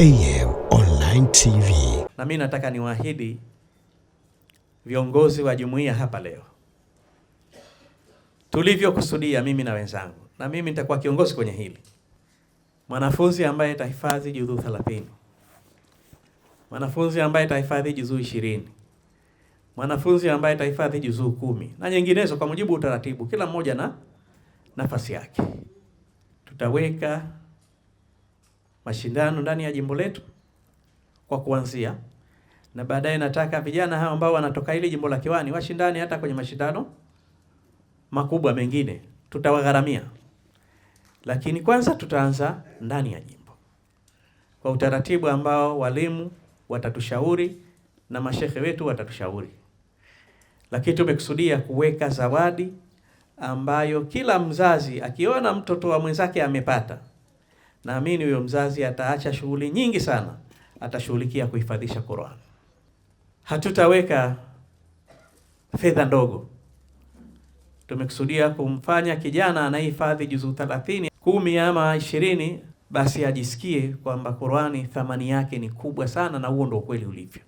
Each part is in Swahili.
AM Online TV. Na mimi nataka niwaahidi viongozi wa jumuiya hapa leo tulivyokusudia mimi na wenzangu, na mimi nitakuwa kiongozi kwenye hili. Mwanafunzi ambaye atahifadhi juzuu 30, mwanafunzi ambaye atahifadhi juzuu 20, mwanafunzi ambaye atahifadhi juzuu kumi na nyinginezo, kwa mujibu utaratibu, kila mmoja na nafasi yake tutaweka mashindano ndani ya jimbo letu kwa kuanzia, na baadaye nataka vijana hao ambao wanatoka ile jimbo la Kiwani washindane hata kwenye mashindano makubwa mengine, tutawagharamia, lakini kwanza tutaanza ndani ya jimbo kwa utaratibu ambao walimu watatushauri na mashehe wetu watatushauri, lakini tumekusudia kuweka zawadi ambayo kila mzazi akiona mtoto wa mwenzake amepata naamini huyo mzazi ataacha shughuli nyingi sana, atashughulikia kuhifadhisha Qur'an. Hatutaweka fedha ndogo, tumekusudia kumfanya kijana anayehifadhi juzuu 30 kumi ama ishirini, basi ajisikie kwamba Qur'ani thamani yake ni kubwa sana, na huo ndio ukweli ulivyo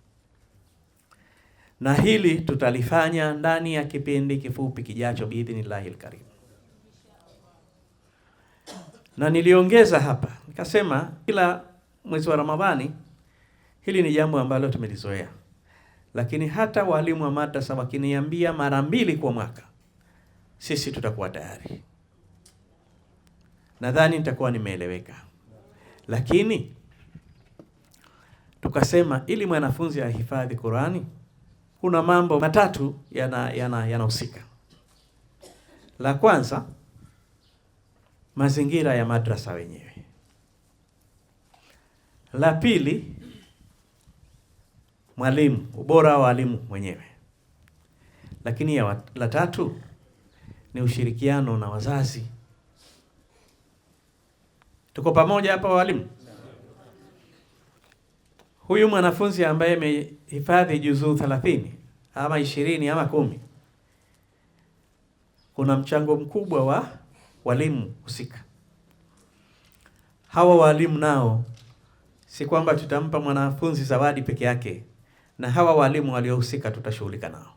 na hili tutalifanya ndani ya kipindi kifupi kijacho biidhnillahi lkarim na niliongeza hapa nikasema, kila mwezi wa Ramadhani, hili ni jambo ambalo tumelizoea, lakini hata walimu wa madrasa wakiniambia mara mbili kwa mwaka, sisi tutakuwa tayari. Nadhani nitakuwa nimeeleweka, lakini tukasema ili mwanafunzi ahifadhi Qurani kuna mambo matatu yanahusika yana, yana la kwanza mazingira ya madrasa wenyewe. La pili, mwalimu, ubora wa walimu mwenyewe. Lakini ya la tatu ni ushirikiano na wazazi. Tuko pamoja hapa walimu? Huyu mwanafunzi ambaye amehifadhi juzuu thelathini ama ishirini ama kumi kuna mchango mkubwa wa walimu husika. Hawa walimu nao si kwamba tutampa mwanafunzi zawadi peke yake, na hawa walimu waliohusika tutashughulika nao,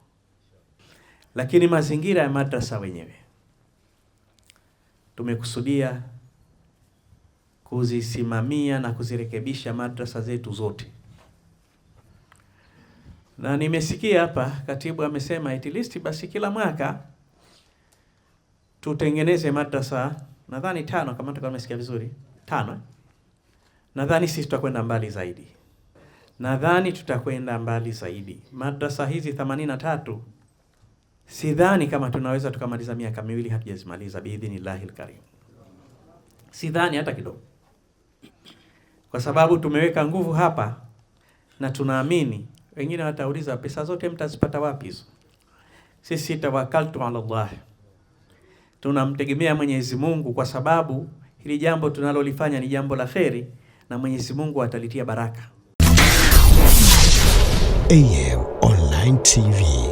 lakini mazingira ya madrasa wenyewe tumekusudia kuzisimamia na kuzirekebisha madrasa zetu zote, na nimesikia hapa katibu amesema at least basi kila mwaka tutengeneze madrasa nadhani tano, kama nimesikia vizuri tano. Eh? Nadhani sisi tutakwenda mbali zaidi, nadhani tutakwenda mbali zaidi. Madrasa hizi themanini na tatu sidhani kama tunaweza tukamaliza miaka miwili hatujazimaliza, biidhinillahil karim. Sidhani hata kidogo, kwa sababu tumeweka nguvu hapa na tunaamini. Wengine watauliza pesa zote mtazipata wapi hizo? Sisi tawakaltu ala Allah tunamtegemea Mwenyezi Mungu kwa sababu hili jambo tunalolifanya ni jambo la kheri na Mwenyezi Mungu atalitia baraka. AM Online TV